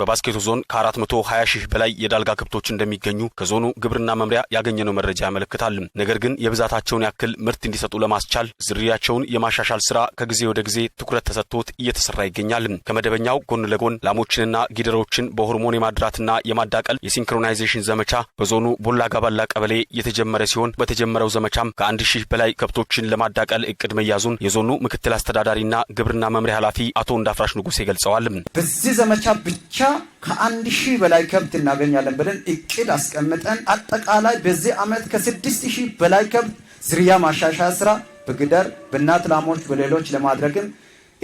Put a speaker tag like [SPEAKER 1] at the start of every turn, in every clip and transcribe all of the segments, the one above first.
[SPEAKER 1] በባስኬቶ ዞን ከ420 ሺህ በላይ የዳልጋ ከብቶች እንደሚገኙ ከዞኑ ግብርና መምሪያ ያገኘነው መረጃ ያመለክታል። ነገር ግን የብዛታቸውን ያክል ምርት እንዲሰጡ ለማስቻል ዝርያቸውን የማሻሻል ስራ ከጊዜ ወደ ጊዜ ትኩረት ተሰጥቶት እየተሰራ ይገኛል። ከመደበኛው ጎን ለጎን ላሞችንና ጊደሮችን በሆርሞን የማድራትና የማዳቀል የሲንክሮናይዜሽን ዘመቻ በዞኑ ቦላ ጋባላ ቀበሌ የተጀመረ ሲሆን በተጀመረው ዘመቻም ከአንድ ሺህ በላይ ከብቶችን ለማዳቀል እቅድ መያዙን የዞኑ ምክትል አስተዳዳሪና ግብርና መምሪያ ኃላፊ አቶ እንዳፍራሽ ንጉሴ ገልጸዋል።
[SPEAKER 2] በዚህ ዘመቻ ብቻ ብቻ ከአንድ ሺህ በላይ ከብት እናገኛለን ብለን እቅድ አስቀምጠን አጠቃላይ በዚህ ዓመት ከስድስት ሺህ በላይ ከብት ዝርያ ማሻሻያ ስራ በግደር በእናት ላሞች በሌሎች ለማድረግም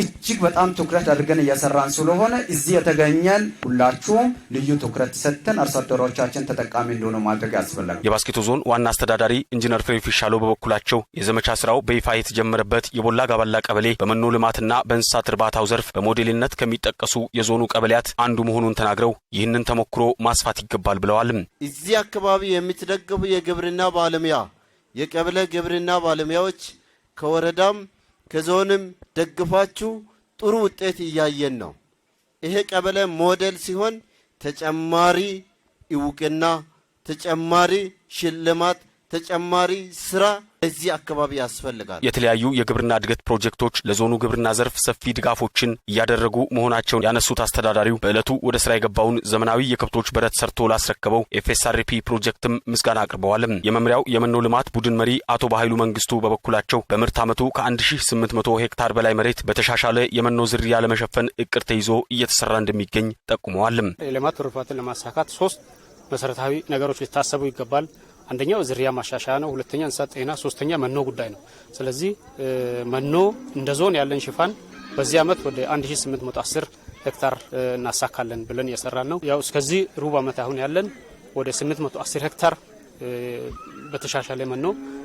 [SPEAKER 2] እጅግ በጣም ትኩረት አድርገን እየሰራን ስለሆነ እዚህ የተገኘን ሁላችሁም ልዩ ትኩረት ሰጥተን አርሶ አደሮቻችን ተጠቃሚ እንደሆነ ማድረግ ያስፈለጋል።
[SPEAKER 1] የባስኬቶ ዞን ዋና አስተዳዳሪ ኢንጂነር ፍሬ ፊሻሎ በበኩላቸው የዘመቻ ስራው በይፋ የተጀመረበት የቦላ ጋባላ ቀበሌ በመኖ ልማትና በእንስሳት እርባታው ዘርፍ በሞዴልነት ከሚጠቀሱ የዞኑ ቀበሌያት አንዱ መሆኑን ተናግረው ይህንን ተሞክሮ ማስፋት ይገባል ብለዋል።
[SPEAKER 2] እዚህ አካባቢ የሚትደገፉ የግብርና ባለሙያ የቀበሌ ግብርና ባለሙያዎች ከወረዳም ከዞንም ደግፋችሁ ጥሩ ውጤት እያየን ነው። ይሄ ቀበሌ ሞዴል ሲሆን ተጨማሪ እውቅና ተጨማሪ ሽልማት ተጨማሪ ስራ እዚህ አካባቢ ያስፈልጋል።
[SPEAKER 1] የተለያዩ የግብርና እድገት ፕሮጀክቶች ለዞኑ ግብርና ዘርፍ ሰፊ ድጋፎችን እያደረጉ መሆናቸውን ያነሱት አስተዳዳሪው በዕለቱ ወደ ስራ የገባውን ዘመናዊ የከብቶች በረት ሰርቶ ላስረከበው ኤፍኤስአርፒ ፕሮጀክትም ምስጋና አቅርበዋልም። የመምሪያው የመኖ ልማት ቡድን መሪ አቶ በኃይሉ መንግስቱ በበኩላቸው በምርት ዓመቱ ከ1800 ሄክታር በላይ መሬት በተሻሻለ የመኖ ዝርያ ለመሸፈን እቅድ ተይዞ እየተሰራ እንደሚገኝ ጠቁመዋል።
[SPEAKER 3] የልማት ትሩፋትን ለማሳካት ሶስት መሰረታዊ ነገሮች ሊታሰቡ ይገባል። አንደኛው ዝርያ ማሻሻያ ነው። ሁለተኛ እንስሳት ጤና፣ ሶስተኛ መኖ ጉዳይ ነው። ስለዚህ መኖ እንደ ዞን ያለን ሽፋን በዚህ ዓመት ወደ 1810 ሄክታር እናሳካለን ብለን እየሰራን ነው። ያው እስከዚህ ሩብ ዓመት አሁን ያለን ወደ 810 ሄክታር በተሻሻለ መኖ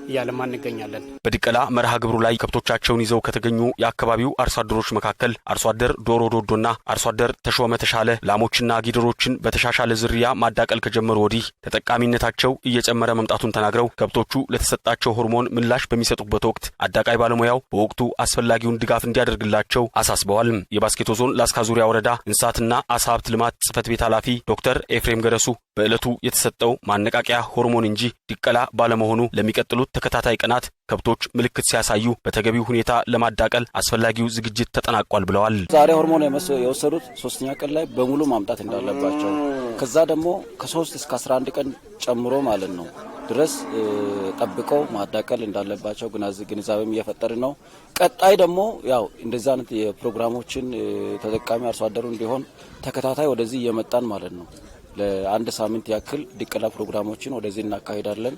[SPEAKER 3] እያለማ እንገኛለን።
[SPEAKER 1] በድቀላ መርሃ ግብሩ ላይ ከብቶቻቸውን ይዘው ከተገኙ የአካባቢው አርሶ አደሮች መካከል አርሶ አደር ዶሮ ዶዶና አርሶ አደር ተሾመ ተሻለ ላሞችና ጊደሮችን በተሻሻለ ዝርያ ማዳቀል ከጀመሩ ወዲህ ተጠቃሚነታቸው እየጨመረ መምጣቱን ተናግረው ከብቶቹ ለተሰጣቸው ሆርሞን ምላሽ በሚሰጡበት ወቅት አዳቃይ ባለሙያው በወቅቱ አስፈላጊውን ድጋፍ እንዲያደርግላቸው አሳስበዋል። የባስኬቶ ዞን ላስካ ዙሪያ ወረዳ እንስሳትና አሳ ሀብት ልማት ጽፈት ቤት ኃላፊ ዶክተር ኤፍሬም ገረሱ በዕለቱ የተሰጠው ማነቃቂያ ሆርሞን መሆን እንጂ ድቀላ ባለመሆኑ ለሚቀጥሉት ተከታታይ ቀናት ከብቶች ምልክት ሲያሳዩ በተገቢው ሁኔታ ለማዳቀል አስፈላጊው ዝግጅት ተጠናቋል ብለዋል።
[SPEAKER 4] ዛሬ ሆርሞን የወሰዱት ሶስተኛ ቀን ላይ በሙሉ ማምጣት እንዳለባቸው ከዛ ደግሞ ከሶስት እስከ አንድ ቀን ጨምሮ ማለት ነው ድረስ ጠብቀው ማዳቀል እንዳለባቸው ግንዛቤም እየፈጠር ነው። ቀጣይ ደግሞ ያው እንደዚህ አይነት የፕሮግራሞችን ተጠቃሚ አርሶ አደሩ እንዲሆን ተከታታይ ወደዚህ እየመጣን ማለት ነው። ለአንድ ሳምንት ያክል ድቀላ ፕሮግራሞችን ወደዚህ እናካሄዳለን።